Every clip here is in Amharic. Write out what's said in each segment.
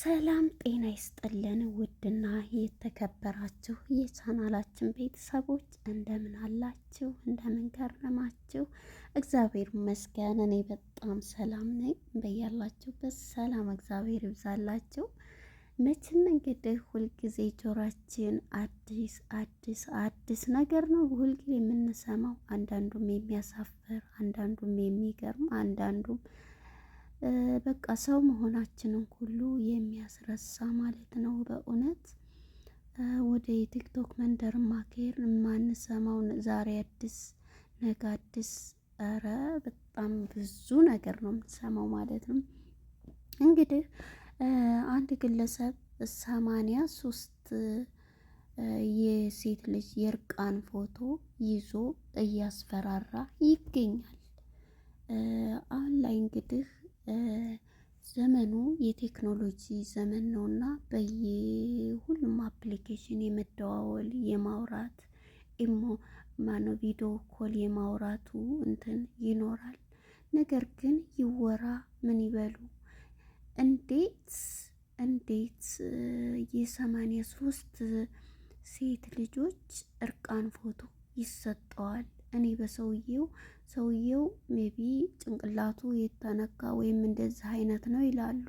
ሰላም ጤና ይስጥልን። ውድና የተከበራችሁ የቻናላችን ቤተሰቦች እንደምን አላችሁ? እንደምን ከረማችሁ? እግዚአብሔር ይመስገን እኔ በጣም ሰላም ነኝ። በያላችሁበት ሰላም እግዚአብሔር ይብዛላችሁ። መቼም እንግዲህ ሁልጊዜ ጆሯችን አዲስ አዲስ አዲስ ነገር ነው ሁልጊዜ የምንሰማው፣ አንዳንዱም የሚያሳፍር፣ አንዳንዱም የሚገርም፣ አንዳንዱም በቃ ሰው መሆናችንን ሁሉ የሚያስረሳ ማለት ነው። በእውነት ወደ የቲክቶክ መንደር ማካሄድ የማንሰማው ዛሬ አዲስ ነገ አዲስ፣ ኧረ በጣም ብዙ ነገር ነው የምንሰማው ማለት ነው። እንግዲህ አንድ ግለሰብ ሰማንያ ሶስት የሴት ልጅ የእርቃን ፎቶ ይዞ እያስፈራራ ይገኛል። አሁን ላይ እንግዲህ ዘመኑ የቴክኖሎጂ ዘመን እና በየሁሉም አፕሊኬሽን የመደዋወል የማውራት ኢሞ ማነው ቪዲዮ ኮል የማውራቱ እንትን ይኖራል። ነገር ግን ይወራ ምን ይበሉ እንዴት እንዴት የሰማንያ ሶስት ሴት ልጆች እርቃን ፎቶ ይሰጠዋል? እኔ በሰውዬው ሰውየው ሜቢ ጭንቅላቱ የተነካ ወይም እንደዚህ አይነት ነው ይላሉ።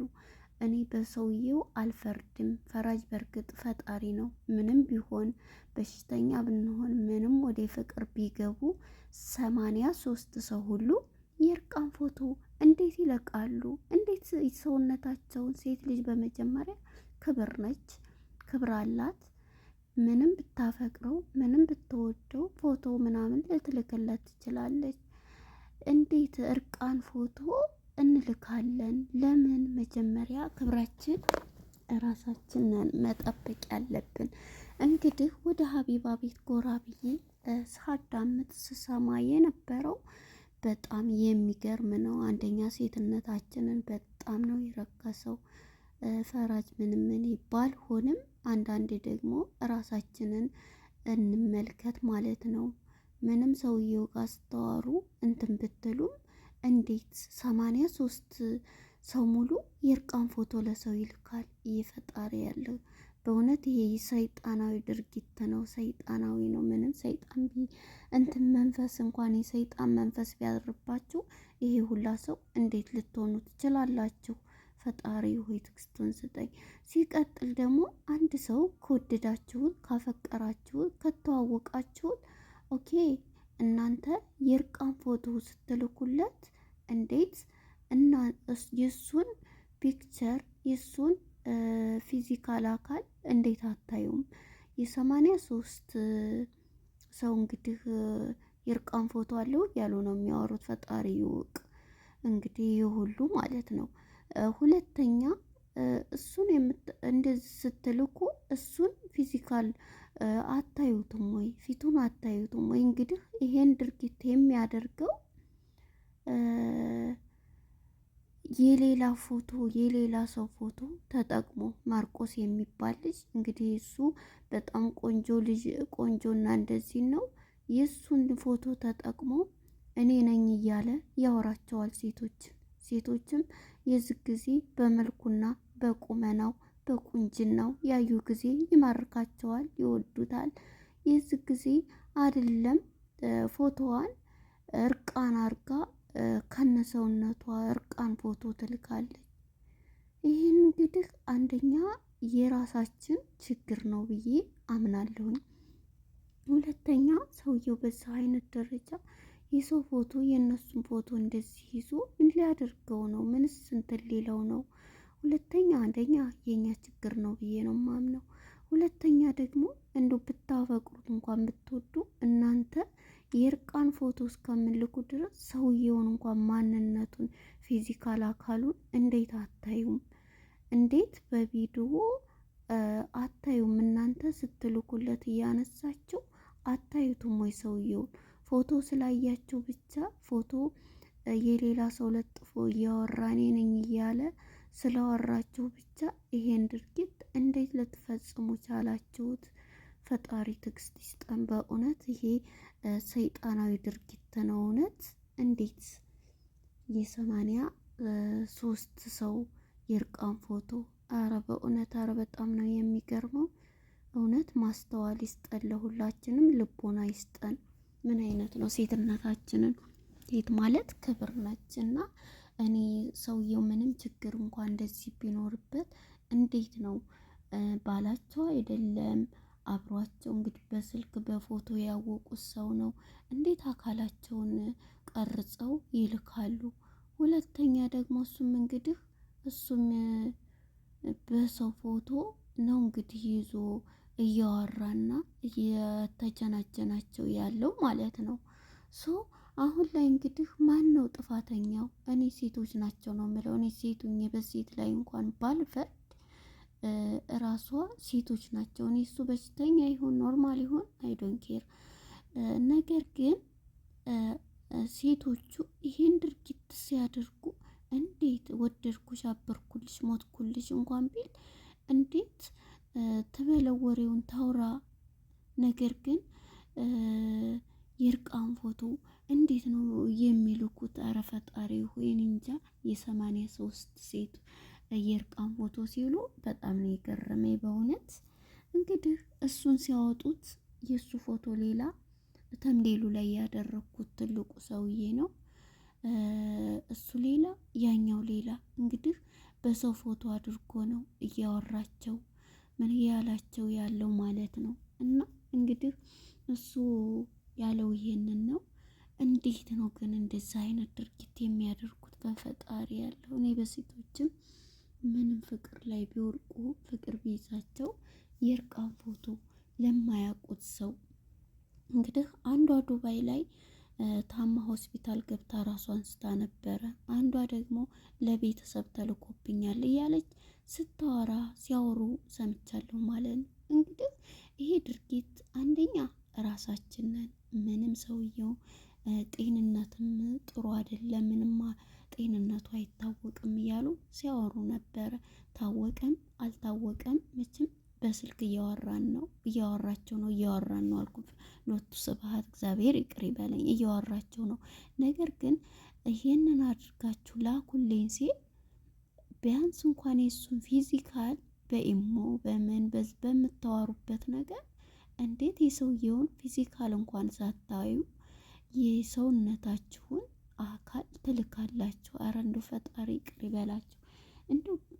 እኔ በሰውየው አልፈርድም። ፈራጅ በእርግጥ ፈጣሪ ነው። ምንም ቢሆን በሽተኛ ብንሆን ምንም ወደ ፍቅር ቢገቡ ሰማንያ ሶስት ሰው ሁሉ የእርቃን ፎቶ እንዴት ይለቃሉ? እንዴት ሰውነታቸውን ሴት ልጅ በመጀመሪያ ክብር ነች፣ ክብር አላት። ምንም ብታፈቅረው ምንም ብትወደው ፎቶ ምናምን ልትልክለት ትችላለች። እንዴት እርቃን ፎቶ እንልካለን? ለምን መጀመሪያ ክብራችን ራሳችንን መጠበቅ ያለብን። እንግዲህ ወደ ሀቢባ ቤት ጎራ ብዬ ሳዳምጥ ስሰማ የነበረው በጣም የሚገርም ነው። አንደኛ ሴትነታችንን በጣም ነው የረከሰው። ፈራጅ ምንምን ባልሆንም አንዳንዴ ደግሞ ራሳችንን እንመልከት ማለት ነው። ምንም ሰውየው ጋር ስተዋሩ እንትን ብትሉም እንዴት ሰማንያ ሶስት ሰው ሙሉ የእርቃን ፎቶ ለሰው ይልካል? እየፈጣሪ ያለው በእውነት ይሄ ሰይጣናዊ ድርጊት ነው። ሰይጣናዊ ነው። ምንም ሰይጣን እንትን መንፈስ እንኳን የሰይጣን መንፈስ ቢያድርባችሁ ይሄ ሁላ ሰው እንዴት ልትሆኑ ትችላላችሁ? ፈጣሪ ሆይ ትዕግስቱን ስጠኝ። ሲቀጥል ደግሞ አንድ ሰው ከወደዳችሁን፣ ካፈቀራችሁን፣ ከተዋወቃችሁን ኦኬ እናንተ የእርቃን ፎቶ ስትልኩለት እንዴት እና የእሱን ፒክቸር የእሱን ፊዚካል አካል እንዴት አታዩም? የሰማንያ ሶስት ሰው እንግዲህ የእርቃን ፎቶ አለው ያሉ ነው የሚያወሩት። ፈጣሪ ይውቅ እንግዲህ ይህ ሁሉ ማለት ነው። ሁለተኛ እሱን እንደዚህ ስትልኩ እሱን ፊዚካል አታዩትም ወይ? ፊቱን አታዩትም ወይ? እንግዲህ ይሄን ድርጊት የሚያደርገው የሌላ ፎቶ የሌላ ሰው ፎቶ ተጠቅሞ ማርቆስ የሚባል ልጅ እንግዲህ እሱ በጣም ቆንጆ ልጅ ቆንጆና እንደዚህ ነው። የእሱን ፎቶ ተጠቅሞ እኔ ነኝ እያለ ያወራቸዋል ሴቶች ሴቶችም የዚህ ጊዜ በመልኩና በቁመናው በቁንጅናው ያዩ ጊዜ ይማርካቸዋል፣ ይወዱታል። የዚህ ጊዜ አይደለም ፎቶዋን እርቃን አርጋ ከነሰውነቷ እርቃን ፎቶ ትልካለች። ይህን እንግዲህ አንደኛ የራሳችን ችግር ነው ብዬ አምናለሁኝ። ሁለተኛ ሰውየው በዛ አይነት ደረጃ የሰው ፎቶ የእነሱን ፎቶ እንደዚህ ይዞ ምን ሊያደርገው ነው? ምንስ እንትን ሌለው ነው? ሁለተኛ አንደኛ የኛ ችግር ነው ብዬ ነው ማምነው። ሁለተኛ ደግሞ እንዶ ብታፈቅሩት እንኳን ብትወዱ እናንተ የእርቃን ፎቶ እስከምልኩ ድረስ ሰውየውን እንኳን ማንነቱን ፊዚካል አካሉን እንዴት አታዩም? እንዴት በቪዲዮ አታዩም? እናንተ ስትልኩለት እያነሳቸው አታዩትም ወይ? ሰውየውን ፎቶ ስላያቸው ብቻ ፎቶ የሌላ ሰው ለጥፎ እያወራ እኔ ነኝ እያለ ስለወራችሁ ብቻ ይሄን ድርጊት እንዴት ልትፈጽሙ ቻላችሁት? ፈጣሪ ትዕግስት ይስጠን። በእውነት ይሄ ሰይጣናዊ ድርጊት ነው። እውነት እንዴት የሰማንያ ሶስት ሰው የእርቃን ፎቶ አረ በእውነት አረ በጣም ነው የሚገርመው። እውነት ማስተዋል ይስጠን፣ ለሁላችንም ልቦና ይስጠን። ምን አይነት ነው ሴትነታችንን? ሴት ማለት ክብር ነች እና እኔ ሰውየው ምንም ችግር እንኳን እንደዚህ ቢኖርበት እንዴት ነው ባላቸው አይደለም አብሯቸው እንግዲህ በስልክ በፎቶ ያወቁት ሰው ነው። እንዴት አካላቸውን ቀርጸው ይልካሉ? ሁለተኛ ደግሞ እሱም እንግዲህ እሱም በሰው ፎቶ ነው እንግዲህ ይዞ እያወራና እየተጀናጀናቸው ያለው ማለት ነው ሶ አሁን ላይ እንግዲህ ማን ነው ጥፋተኛው? እኔ ሴቶች ናቸው ነው የምለው። እኔ ሴቱኝ በሴት ላይ እንኳን ባልፈርድ እራሷ ሴቶች ናቸው። እኔ እሱ በሽተኛ ይሁን ኖርማል ይሁን አይዶን ኬር። ነገር ግን ሴቶቹ ይህን ድርጊት ሲያደርጉ እንዴት ወደድኩሽ፣ አበርኩልሽ፣ ሞትኩልሽ እንኳን ቢል እንዴት ተበለወሬውን ታውራ ነገር ግን የእርቃን ፎቶ እንዴት ነው የሚልኩት? አረ ፈጣሪ ሆይን እንጃ። የሰማንያ ሶስት ሴት የእርቃን ፎቶ ሲሉ በጣም ነው የገረመኝ በእውነት። እንግዲህ እሱን ሲያወጡት የእሱ ፎቶ ሌላ ተምሌሉ ላይ ያደረግኩት ትልቁ ሰውዬ ነው እሱ ሌላ ያኛው ሌላ። እንግዲህ በሰው ፎቶ አድርጎ ነው እያወራቸው ምን ያላቸው ያለው ማለት ነው። እና እንግዲህ እሱ ያለው ይሄንን ነው። እንዴት ነው ግን እንደዚህ አይነት ድርጊት የሚያደርጉት? በፈጣሪ ያለው እኔ በሴቶችም ምንም ፍቅር ላይ ቢወርቁ ፍቅር ቢይዛቸው የእርቃን ፎቶ ለማያውቁት ሰው እንግዲህ አንዷ ዱባይ ላይ ታማ ሆስፒታል ገብታ ራሷን ስታ ነበረ። አንዷ ደግሞ ለቤተሰብ ተልኮብኛል እያለች ስታወራ ሲያወሩ ሰምቻለሁ ማለት ነው። እንግዲህ ይሄ ድርጊት አንደኛ ራሳችንን ምንም ሰውየው ጤንነትም ጥሩ አይደለም፣ ምንም ጤንነቱ አይታወቅም እያሉ ሲያወሩ ነበረ። ታወቀም አልታወቀም መቼም በስልክ እያወራን ነው እያወራቸው ነው እያወራን ነው አልኩ። ሎቱ ስብሐት እግዚአብሔር ይቅር ይበለኝ። እያወራቸው ነው። ነገር ግን ይሄንን አድርጋችሁ ላኩልኝ ሲል ቢያንስ እንኳን የሱን ፊዚካል በኢሞ በምን በምታወሩበት ነገር እንዴት የሰውየውን ፊዚካል እንኳን ሳታዩ የሰውነታችሁን አካል ትልካላችሁ። አረ እንደው ፈጣሪ ይቅር ይበላችሁ።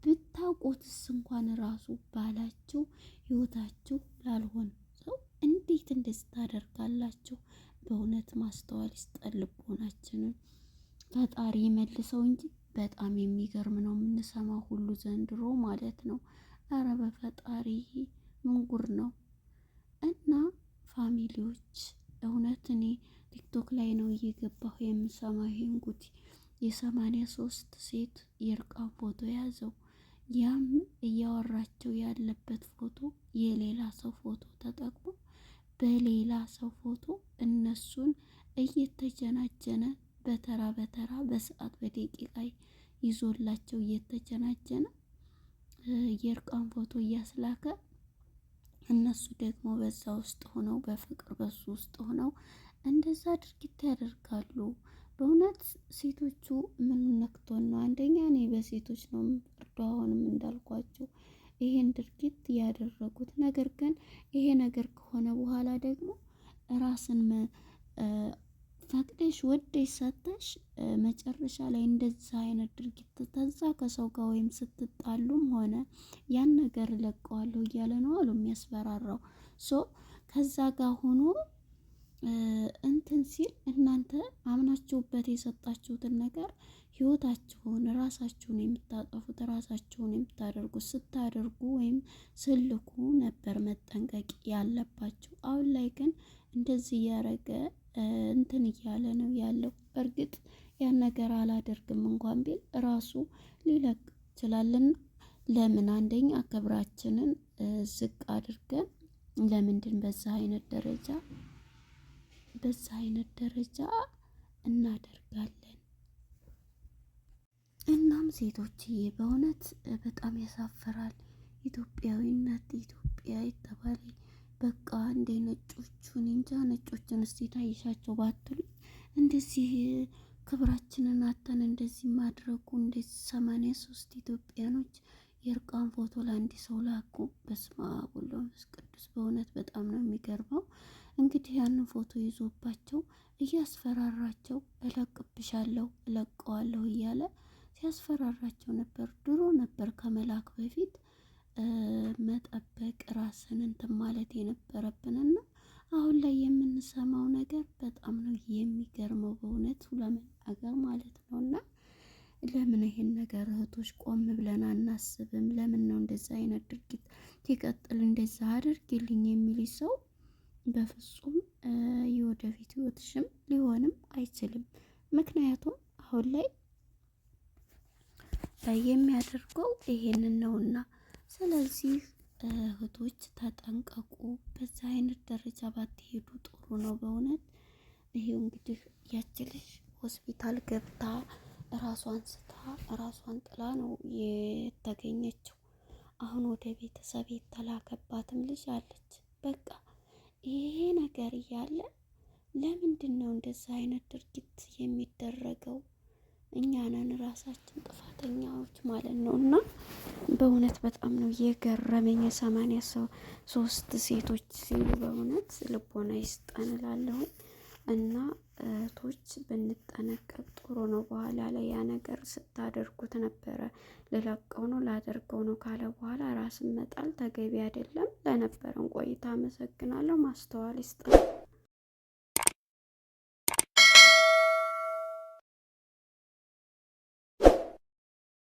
ብታውቁትስ እንኳን ራሱ ባላችሁ ህይወታችሁ ላልሆነ ሰው እንዴት እንደዚህ ታደርጋላችሁ? በእውነት ማስተዋል ይስጠን ፈጣሪ መልሰው እንጂ በጣም የሚገርም ነው የምንሰማ ሁሉ ዘንድሮ ማለት ነው። አረ በፈጣሪ ምንጉር ነው እና ፋሚሊዎች እውነት እኔ ቲክቶክ ላይ ነው እየገባሁ የምሰማው ይህን ጉድ። የሰማንያ ሶስት ሴት የእርቃን ፎቶ ያዘው። ያም እያወራቸው ያለበት ፎቶ የሌላ ሰው ፎቶ ተጠቅሞ በሌላ ሰው ፎቶ እነሱን እየተጀናጀነ በተራ በተራ በሰዓት በደቂቃ ይዞላቸው እየተጀናጀነ የእርቃን ፎቶ እያስላከ እነሱ ደግሞ በዛ ውስጥ ሆነው በፍቅር በሱ ውስጥ ሆነው እንደዛ ድርጊት ያደርጋሉ። በእውነት ሴቶቹ ምን ነክቶን ነው? አንደኛ እኔ በሴቶች ነው የምፈርደው። አሁንም እንዳልኳችሁ ይሄን ድርጊት ያደረጉት ነገር ግን ይሄ ነገር ከሆነ በኋላ ደግሞ ራስን ፈቅደሽ ወደሽ ሰተሽ መጨረሻ ላይ እንደዛ አይነት ድርጊት ተዛ ከሰው ጋር ወይም ስትጣሉም ሆነ ያን ነገር ለቀዋለሁ እያለ ነው አሉ የሚያስፈራራው ሶ ከዛ ጋር ሆኖ ሲል እናንተ አምናችሁበት የሰጣችሁትን ነገር ህይወታችሁን ራሳችሁን የምታጠፉት ራሳችሁን የምታደርጉት ስታደርጉ ወይም ስልኩ ነበር መጠንቀቅ ያለባችሁ። አሁን ላይ ግን እንደዚህ እያረገ እንትን እያለ ነው ያለው። እርግጥ ያን ነገር አላደርግም እንኳን ቢል ራሱ ሊለቅ ይችላልና ለምን አንደኛ ክብራችንን ዝቅ አድርገን ለምንድን በዛ አይነት ደረጃ በዛ አይነት ደረጃ እናደርጋለን። እናም ሴቶችዬ በእውነት በጣም ያሳፍራል። ኢትዮጵያዊነት ኢትዮጵያ የተባለ በቃ እንደ ነጮቹን እንጃ ነጮችን እስቲ ታይሻቸው ባትሉ እንደዚህ ክብራችንን አተን እንደዚህ ማድረጉ እንደዚህ ሰማንያ ሶስት ኢትዮጵያኖች የእርቃን ፎቶ ለአንድ ሰው ላኩ። በስመ አብ ወወልድ ወመንፈስ ቅዱስ በእውነት በጣም ነው የሚገርመው። እንግዲህ ያንን ፎቶ ይዞባቸው እያስፈራራቸው እለቅብሻለሁ እለቀዋለሁ እያለ ሲያስፈራራቸው ነበር። ድሮ ነበር ከመላክ በፊት የወደፊት ህይወትሽም ሊሆንም አይችልም። ምክንያቱም አሁን ላይ የሚያደርገው ይሄንን ነውና፣ ስለዚህ እህቶች ተጠንቀቁ። በዛ አይነት ደረጃ ባትሄዱ ጥሩ ነው በእውነት ይሄው እንግዲህ ያቺ ልጅ ሆስፒታል ገብታ ራሷን ስታ ራሷን ጥላ ነው የተገኘችው። አሁን ወደ ቤተሰብ የተላከባትም ልጅ አለች። በቃ ይሄ ነገር እያለ ለምንድን ነው እንደዚህ አይነት ድርጊት የሚደረገው? እኛንን ራሳችን ጥፋተኛዎች ማለት ነው። እና በእውነት በጣም ነው የገረመኝ የሰማንያ ሶስት ሴቶች ሲሉ በእውነት ልቦና ይስጠን እላለሁ። እና እህቶች ብንጠነቀቅ ጥሩ ነው። በኋላ ላይ ያ ነገር ስታደርጉት ነበረ ልለቀው ነው ላደርገው ነው ካለ በኋላ ራስን መጣል ተገቢ አይደለም። ለነበረን ቆይታ አመሰግናለሁ። ማስተዋል ይስጠን።